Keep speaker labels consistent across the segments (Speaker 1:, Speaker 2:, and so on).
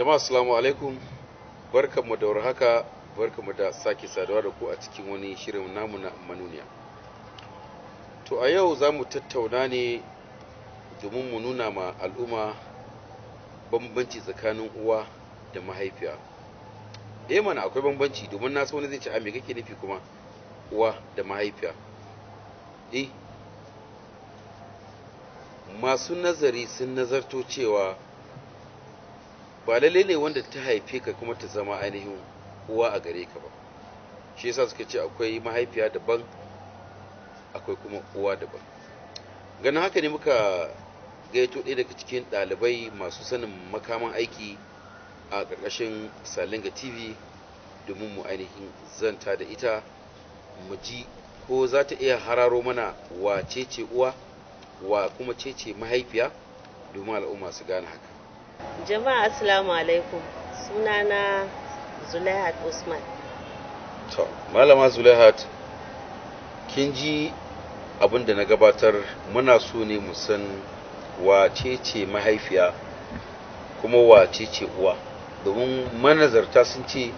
Speaker 1: jama'a assalamu alaikum barkanmu da warhaka barkanmu da sake saduwa da ku a cikin wani shirin namu na manuniya to a yau za mu tattauna ne domin mu nuna ma al'umma bambanci tsakanin uwa da mahaifiya eh mana akwai bambanci domin na wani zai ci a me kake nufi kuma uwa da mahaifiya eh masu nazari sun nazarto cewa ba lalle ne wanda ta haife ka kuma ta zama ainihin uwa a gare ka ba shi yasa suka ce akwai mahaifiya daban akwai kuma uwa daban ganin haka ne muka gaito ɗaya daga cikin ɗalibai masu sanin makaman aiki a ƙarƙashin salinga tv domin mu ainihin zanta da ita mu ji ko za ta iya hararo mana wa cece uwa wa kuma cece mahaifiya domin al'umma su gane haka
Speaker 2: jama'a assalamu alaikum sunana zulaihat usman
Speaker 1: to malama zulaihat kin ji abin da na gabatar muna so ne mu san wace ce mahaifiya kuma wace ce uwa domin manazarta sun ce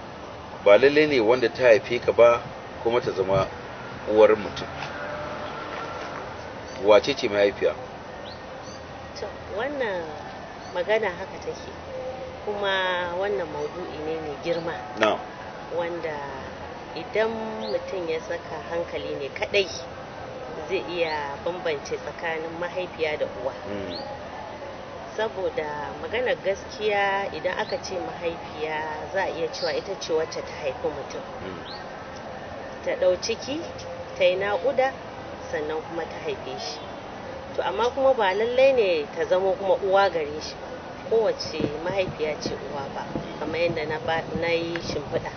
Speaker 1: ba lalle ne wanda ta haife ka ba kuma ta zama uwar mutum wace ce mahaifiya
Speaker 2: wannan magana haka take kuma wannan maudu'i ne mai girma wanda idan mutum ya saka hankali ne kadai zai iya bambance tsakanin mahaifiya da uwa mm. saboda maganar gaskiya idan aka ce mahaifiya za a iya cewa ita ce wacce ta haifi mutum mm. ta ɗau ciki ta yi naƙuda sannan kuma ta haife shi to amma kuma ba lallai ne ta zamo kuma uwa gare shi kowace mahaifiya ce uwa ba kamar yadda na yi shimfiɗa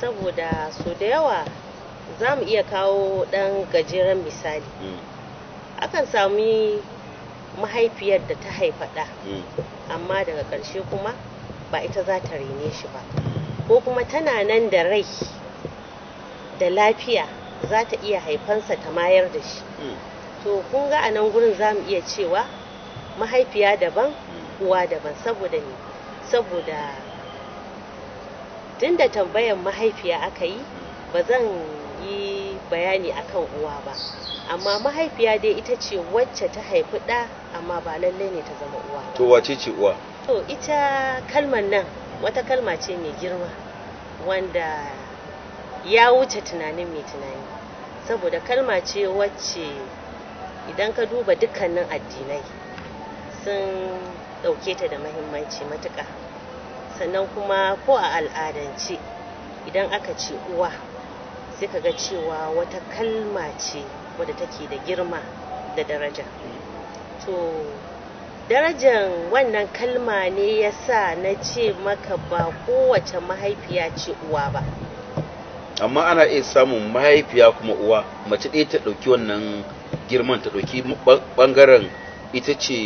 Speaker 2: saboda so da yawa za mu iya kawo ɗan gajeren misali hmm. akan sami mahaifiyar da ta haifaɗa. Hmm. amma daga ƙarshe kuma ba ita za ta rene shi ba hmm. ko kuma tana nan da rai da lafiya za ta iya haifansa ta mayar da shi to kun ga a nan gurin za mu iya cewa mahaifiya daban uwa daban saboda ne saboda tun da tambayan mahaifiya aka yi ba zan yi bayani akan uwa ba amma mahaifiya dai ita ce wacce ta haifi ɗa amma ba lallai ne ta zama uwa
Speaker 1: to wace ce uwa
Speaker 2: to ita kalmar nan wata kalma ce mai girma wanda ya wuce tunanin mai tunani saboda kalma ce wacce idan ka duba dukkanin addinai sun ɗauke ta da mahimmanci matuƙa sannan kuma ko a al'adance idan aka ce uwa sai ka ga cewa wata kalma ce wadda take da girma da daraja to darajan wannan kalma ne ya sa na ce maka ba kowace mahaifiya ce uwa ba
Speaker 1: amma ana iya samun mahaifiya kuma uwa mace ɗaya ta ɗauki wannan girman ta dauki bangaren ita ce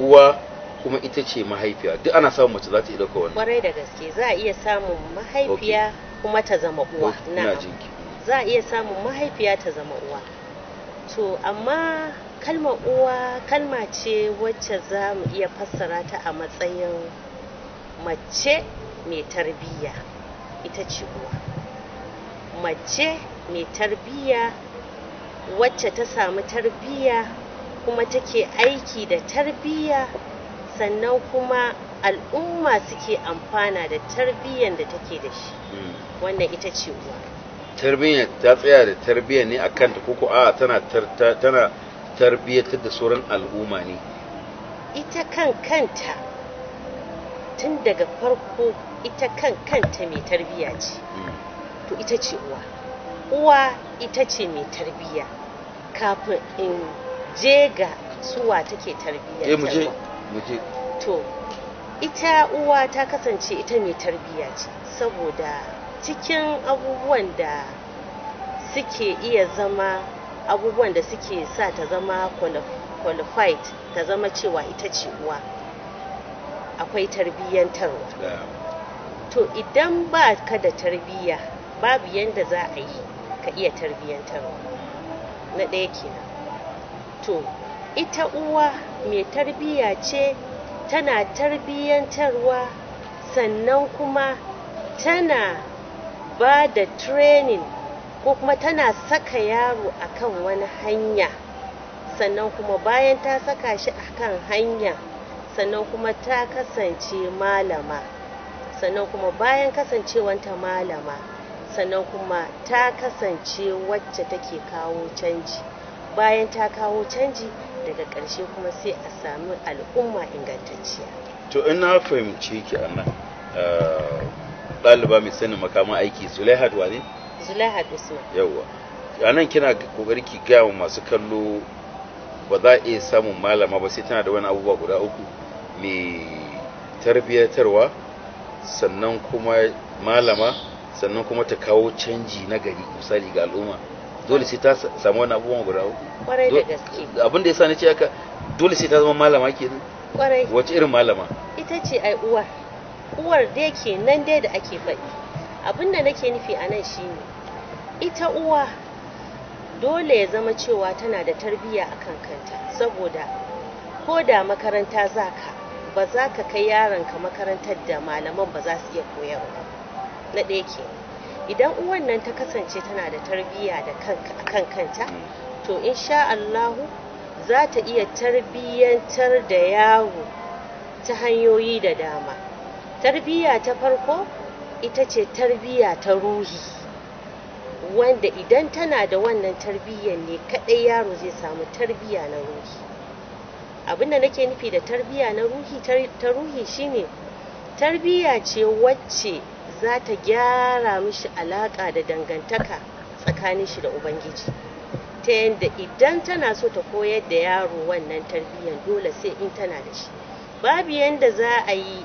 Speaker 1: uwa kuma ita ce mahaifiya duk ana samun mace za ta yi dauka wannan
Speaker 2: kwarai da gaske za a iya samun mahaifiya kuma ta zama uwa na za a iya samun mahaifiya ta zama uwa to amma kalma uwa kalma ce wacce za mu iya fassara ta a matsayin mace mai tarbiyya ita ce uwa mace mai tarbiyya wacce ta samu tarbiyya kuma take aiki da tarbiyya sannan kuma al'umma suke amfana da tarbiyyan da take da shi hmm. wannan ita ce uwa
Speaker 1: tarbiyya ta tsaya da tarbiyya ne a kanta ko a tana tana tarbiyyatar da sauran al'umma ne
Speaker 2: ita kan kanta tun daga farko ita kan kanta mai tarbiyya ce hmm. to ita ce uwa uwa ita ce mai tarbiyya kafin in je ga suwa take tarbiyya eh, to ita uwa ta kasance ita mai tarbiyya ce saboda cikin abubuwan da suke iya zama abubuwan da suke sa ta zama qualified ta zama cewa ita ce uwa akwai tarbiyyantarwa to idan ba ka da tarbiyya babu yadda za a yi ka iya tarbiyyantarwa na ɗaya kenan to ita uwa mai tarbiyya ce tana tarbiyyantarwa sannan kuma tana ba da training ko kuma tana saka yaro a kan wani hanya sannan kuma bayan ta saka shi a kan hanya sannan kuma ta kasance malama sannan kuma bayan kasancewanta malama sannan kuma ta kasance wacce take kawo canji bayan ta kawo canji daga ƙarshe kuma sai a sami al'umma ingantacciya
Speaker 1: to ina fahimci ki a nan eh, ɗaliba mai sanin makaman aiki zulaihat wane
Speaker 2: zulaihat usman
Speaker 1: yawwa a nan kina kokari ki gaya wa masu kallo ba za a iya samun malama ba sai tana da wani abubuwa guda uku mai tarbiyyatarwa sannan kuma malama sannan kuma ta kawo canji na gari misali ga al'umma dole sai ta samu wani abubuwan guda kwarai da gaske abin da yasa ni ce aka dole sai ta zama malama kenan
Speaker 2: kwarai wace irin malama ita ce ai uwar uwar yake nan dai da ake faɗi abin da nake nufi a nan shine ita uwa dole ya zama cewa tana da tarbiyya a kan kanta saboda ko da makaranta za ka ba za ka kai yaronka makarantar da malaman ba za su iya koyarwa na ɗaya ke idan uwan nan ta kasance tana da tarbiyya da kan kanta mm. to insha Allahu za ta iya tarbiyyantar da yaro ta hanyoyi da dama tarbiyya ta farko ita ce tarbiyya ta ruhi wanda idan tana da wannan tarbiyyar ne kaɗai yaro zai samu tarbiyya na ruhi abinda nake nufi da tarbiyya na ruhi ta ruhi shine tarbiyya ce wacce za ta gyara mishi alaƙa da dangantaka tsakanin shi da ubangiji ta yadda idan tana so ta koyar da yaro wannan tarbiyyar dole sai in tana da shi babu yadda za a yi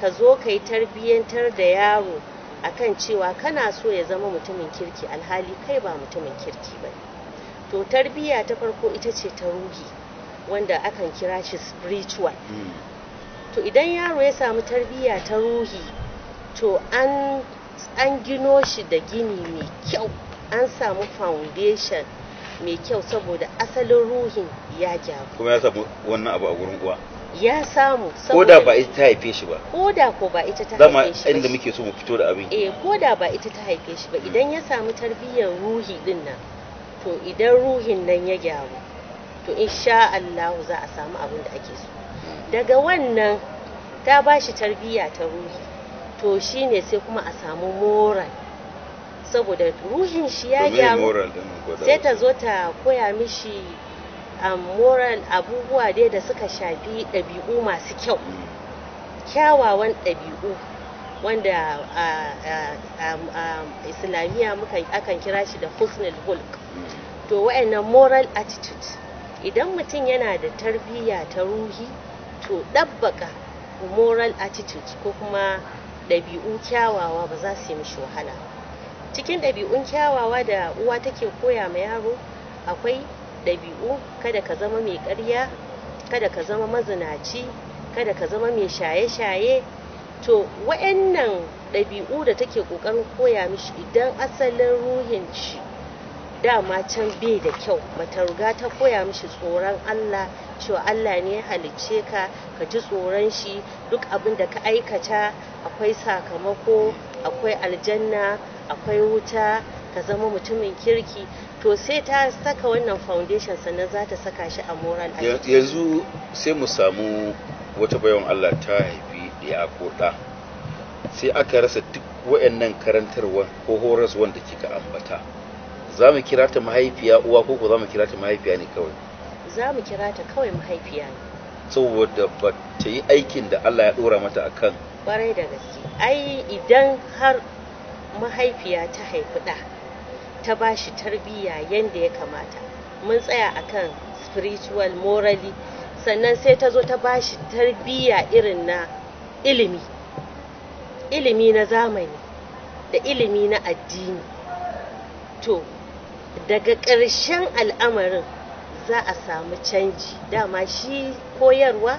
Speaker 2: ka zo ka yi tarbiyyantar da yaro akan cewa kana so ya zama mutumin kirki alhali kai ba mutumin kirki ba to tarbiyya ta farko ita ce ta ruhi wanda akan kira shi spiritual hmm. to idan yaro ya samu tarbiyya ta ruhi to an an gino shi da gini mai kyau an samu foundation mai kyau saboda asalin ruhin ya gyaru
Speaker 1: kuma ya samu wannan abu a gurin uwa
Speaker 2: ya samu ko da ba ita
Speaker 1: ta haife shi ba
Speaker 2: ko da ko ba ita ta haife
Speaker 1: shi ba inda muke so mu fito da abin
Speaker 2: eh ko da ba ita ta haife shi ba idan ya samu tarbiyyar ruhi din nan to idan ruhin nan ya gyaru to insha Allah za a samu abin da ake so hmm. daga wannan ta ba shi tarbiyya ta ruhi to shi ne sai kuma a samu moral saboda ruhin shi ya gyaru sai ta zo ta koya mishi um, moral abubuwa dai da suka shafi ɗabi'u masu kyau mm. kyawawan ɗabi'u wanda a um, um, islamiyya muka akan kira shi da husnul hulk mm. to wa'annan moral attitude idan mutum yana da tarbiyya ta ruhi to ɗabbaka moral attitude ko kuma ɗabi'u kyawawa ba za su yi mishi wahala cikin ɗabi'un kyawawa da uwa take koya ma yaro akwai ɗabi'u kada ka zama mai ƙarya kada ka zama mazinaci kada ka zama mai shaye-shaye to wa'annan ɗabi'u da take ƙoƙarin koya mishi idan asalin ruhin shi dama can bai da kyau bata riga ta koya mishi tsoron Allah cewa Allah ne ya halicce ka ka ji tsoron shi duk abin da ka aikata akwai sakamako akwai aljanna akwai wuta ka zama mutumin kirki to sai ta saka wannan foundation sannan za ta saka shi a moral
Speaker 1: yanzu sai mu samu wata bayan Allah ta haifi ɗaya ko sai aka rasa duk waɗannan karantarwa ko horaswan da kika ambata za mu kira ta mahaifiya uwa ko ko za mu kira ta mahaifiya ne kawai
Speaker 2: za mu kira ta kawai mahaifiya ne
Speaker 1: saboda ba ta yi aikin da Allah ya dora mata a kan
Speaker 2: ƙwarai da gaske ai idan har mahaifiya ta haifi ɗa ta ba shi tarbiyya yadda ya kamata mun tsaya a kan spiritual morally sannan sai ta zo ta ba shi tarbiyya irin na ilimi ilimi na zamani da ilimi na addini to daga ƙarshen al'amarin za a samu canji dama shi koyarwa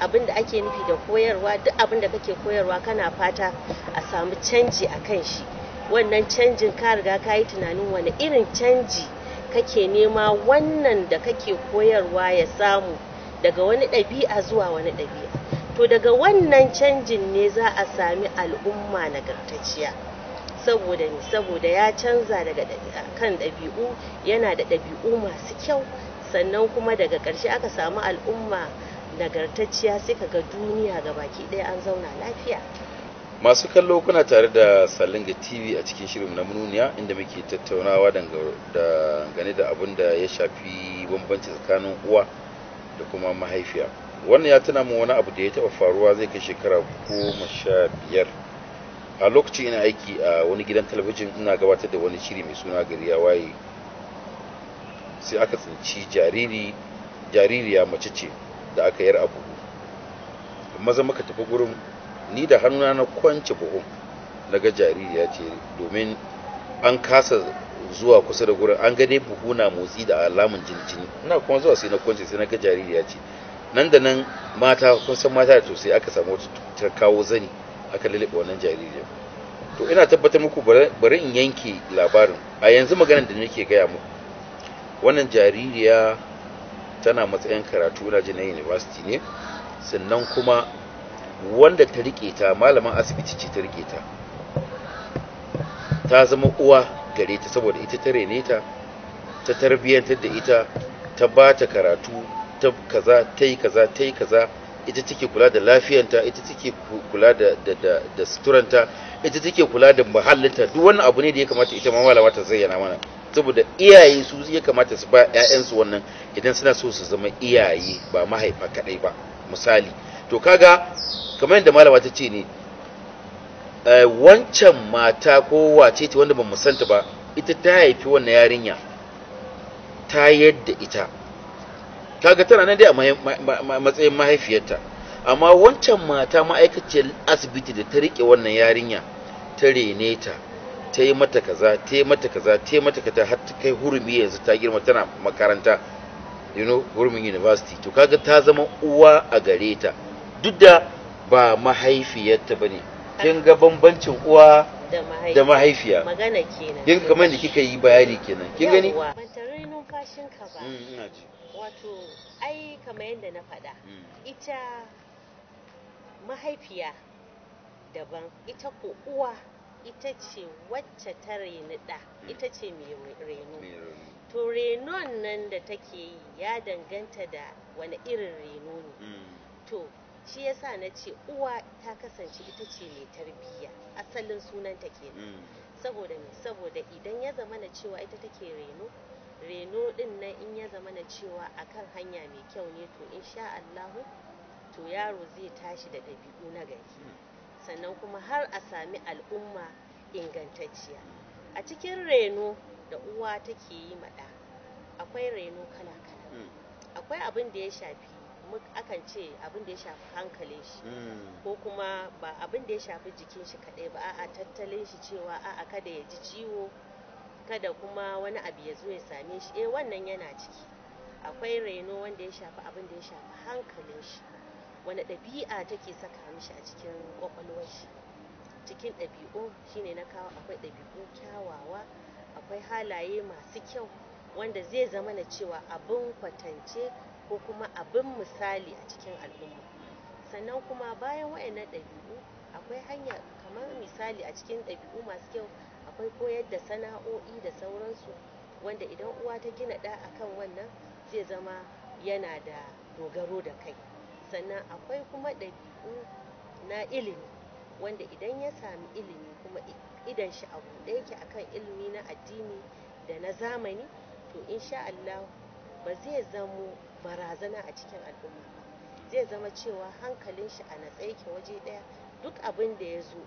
Speaker 2: abin da ake nufi da koyarwa duk abin da kake koyarwa kana fata a samu canji a kan shi wannan canjin ka riga ka yi tunanin wani irin canji kake nema wannan da kake koyarwa ya samu daga wani ɗabi'a zuwa wani ɗabi'a to daga wannan canjin ne za a sami al'umma nagartacciya saboda ni saboda ya canza daga kan ɗabi'u yana da ɗabi'u masu kyau sannan kuma daga ƙarshe aka samu al'umma nagartacciya sai ka ga duniya ga baki ɗaya an zauna lafiya
Speaker 1: masu kallo kuna tare da salinga tv a cikin shirin na mununiya inda muke tattaunawa dangane da abin da ya shafi bambanci tsakanin uwa da kuma mahaifiya wannan ya tuna mu wani abu da ya taɓa faruwa zai kai shekara goma sha biyar a lokacin ina aiki a wani gidan talabijin ina gabatar da wani shiri mai suna gari ya waye sai aka tsinci jariri jaririya mace ce da aka yar abu maza muka tafi gurin ni da hannuna na kwance buhun na ga jaririya ce domin an kasa zuwa kusa da gurin an gane buhu na motsi da alamun jinjini ina kuma zuwa sai na kwance sai na ga jaririya ce nan da nan mata kusan mata da to sai aka samu wata kawo zani aka lalaba wannan jaririn to ina tabbatar muku bari in yanke labarin a yanzu maganar da nake gaya muku wannan jaririya tana matsayin karatu na jina university ne sannan kuma wanda ta rike ta malaman asibiti ce ta rike ta ta zama uwa gare ta saboda ita ta rene ta ta tarbiyyantar da ita ta ba ta karatu ta kaza ta yi kaza ta yi kaza ita take kula da lafiyanta ita take kula da da suturanta ita take kula da muhallinta duk wannan abu ne da ya kamata ita ma malama ta zayyana mana saboda iyaye su ya kamata su ba ƴaƴansu wannan idan suna so su zama iyaye ba mahaifa kadai ba misali to kaga kamar yadda malama ta ce ne eh, wancan mata ko wace ce wanda ba mu santa ba ita ta haifi wannan yarinya ta yadda ita kaga tana nan dai a matsayin mahaifiyarta amma wancan mata ma'aikaciyar asibiti da ta rike wannan yarinya ta rene ta ta yi mata kaza ta yi mata kaza ta yi mata kaza har ta kai hurumi yanzu ta girma tana makaranta you know hurumin university to kaga ta zama uwa a gare ta duk da ba mahaifiyarta bane kin ga bambancin uwa
Speaker 2: da mahaifiya magana kenan kin kamar da kika yi bayani kenan kin gani ban tare numfashinka ba mm, wato ai kamar yadda na faɗa mm. ita mahaifiya daban ita ko uwa ita ce wacce ta reni ɗa mm. ita ce mai reno to renon nan da take yi ya danganta da wani irin reno ne mm. to shi yasa na ce uwa ta kasance ita ce mai tarbiyya asalin sunanta ke saboda me saboda idan ya zamana cewa ita take reno reno din nan in ya zama na cewa akan hanya mai kyau ne to in sha Allahu to yaro zai tashi da ɗabi'u na gari sannan kuma har a sami al'umma ingantacciya a cikin reno da uwa take yi maɗa akwai reno kala-kala hmm. akwai abin da ya shafi akan ce abin da ya shafi hankalin shi hmm. ko kuma ba abin da ya shafi jikin shi kaɗai ba a'a tattalin shi cewa a'a kada ya ji ciwo kada kuma wani abu ya zo ya same shi eh wannan yana ciki akwai raino wanda ya shafi abin da ya shafi hankalin shi wani ɗabi'a take saka mishi a cikin ƙwaƙwalwar shi cikin ɗabi'u shine na kawo akwai ɗabi'u kyawawa akwai halaye masu kyau wanda zai zama na cewa abin kwatance ko kuma abin misali a cikin al'umma sannan kuma bayan waɗannan ɗabi'u akwai hanya kamar misali a cikin ɗabi'u masu kyau akwai koyar da sana'o'i da sauransu wanda idan uwa ta gina ɗa akan wannan zai zama yana da dogaro da kai sannan akwai kuma ɗabi'u na ilimi wanda idan ya sami ilimi kuma idon shi a buɗe yake akan ilimi na addini da na zamani to insha Allah ba zai zamo barazana a cikin al'umma ba zai zama cewa hankalin shi a natse yake waje ɗaya duk abin da ya zo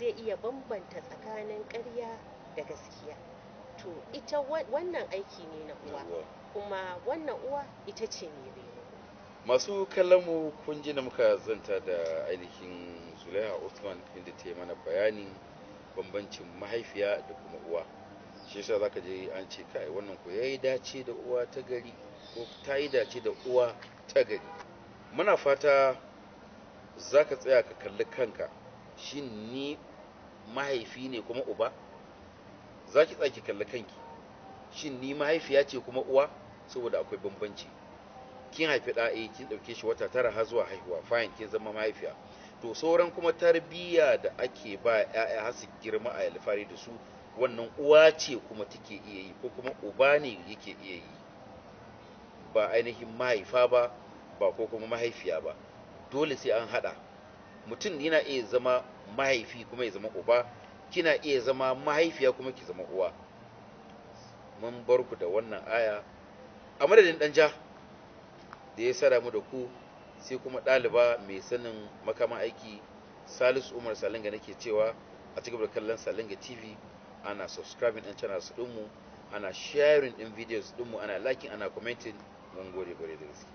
Speaker 2: zai iya bambanta tsakanin ƙarya da gaskiya to ita wannan aiki ne na uwa kuma wannan uwa ita ce mai reno
Speaker 1: masu kallonmu kun ji da muka zanta da ainihin zulaiha usman inda ta yi mana bayanin bambancin mahaifiya da kuma uwa shi yasa zaka je an ce kai wannan ko yayi dace da uwa ta gari ko ta yi dace da uwa ta gari muna fata zaka tsaya ka kalli kanka shin ni mahaifi ne kuma uba za ki tsaki kalli kanki shin ni mahaifiya ce kuma uwa saboda akwai bambanci kin haifi ɗa eh, kin ɗauke shi wata tara har zuwa haihuwa fayin kin zama mahaifiya to sauran kuma tarbiyya da ake ba ‘ya'ya har girma a alfari da su wannan uwa ce kuma take iya yi ko kuma uba ne yake iya yi ba ainihin mahaifa ba ba ko kuma mahaifiya ba dole sai an haɗa mutum yana iya zama mahaifi kuma ya zama uba kina iya zama mahaifiya kuma ki zama uwa mun bar ku da wannan aya a madadin ja da ya sara mu da ku sai kuma ɗaliba mai sanin makaman aiki salisu umar salinga nake cewa a cikin da kallon salinga tv ana subscribing ɗin channels ɗinmu ana sharing ɗin videos ɗinmu ana liking ana commenting don gode gore da gaske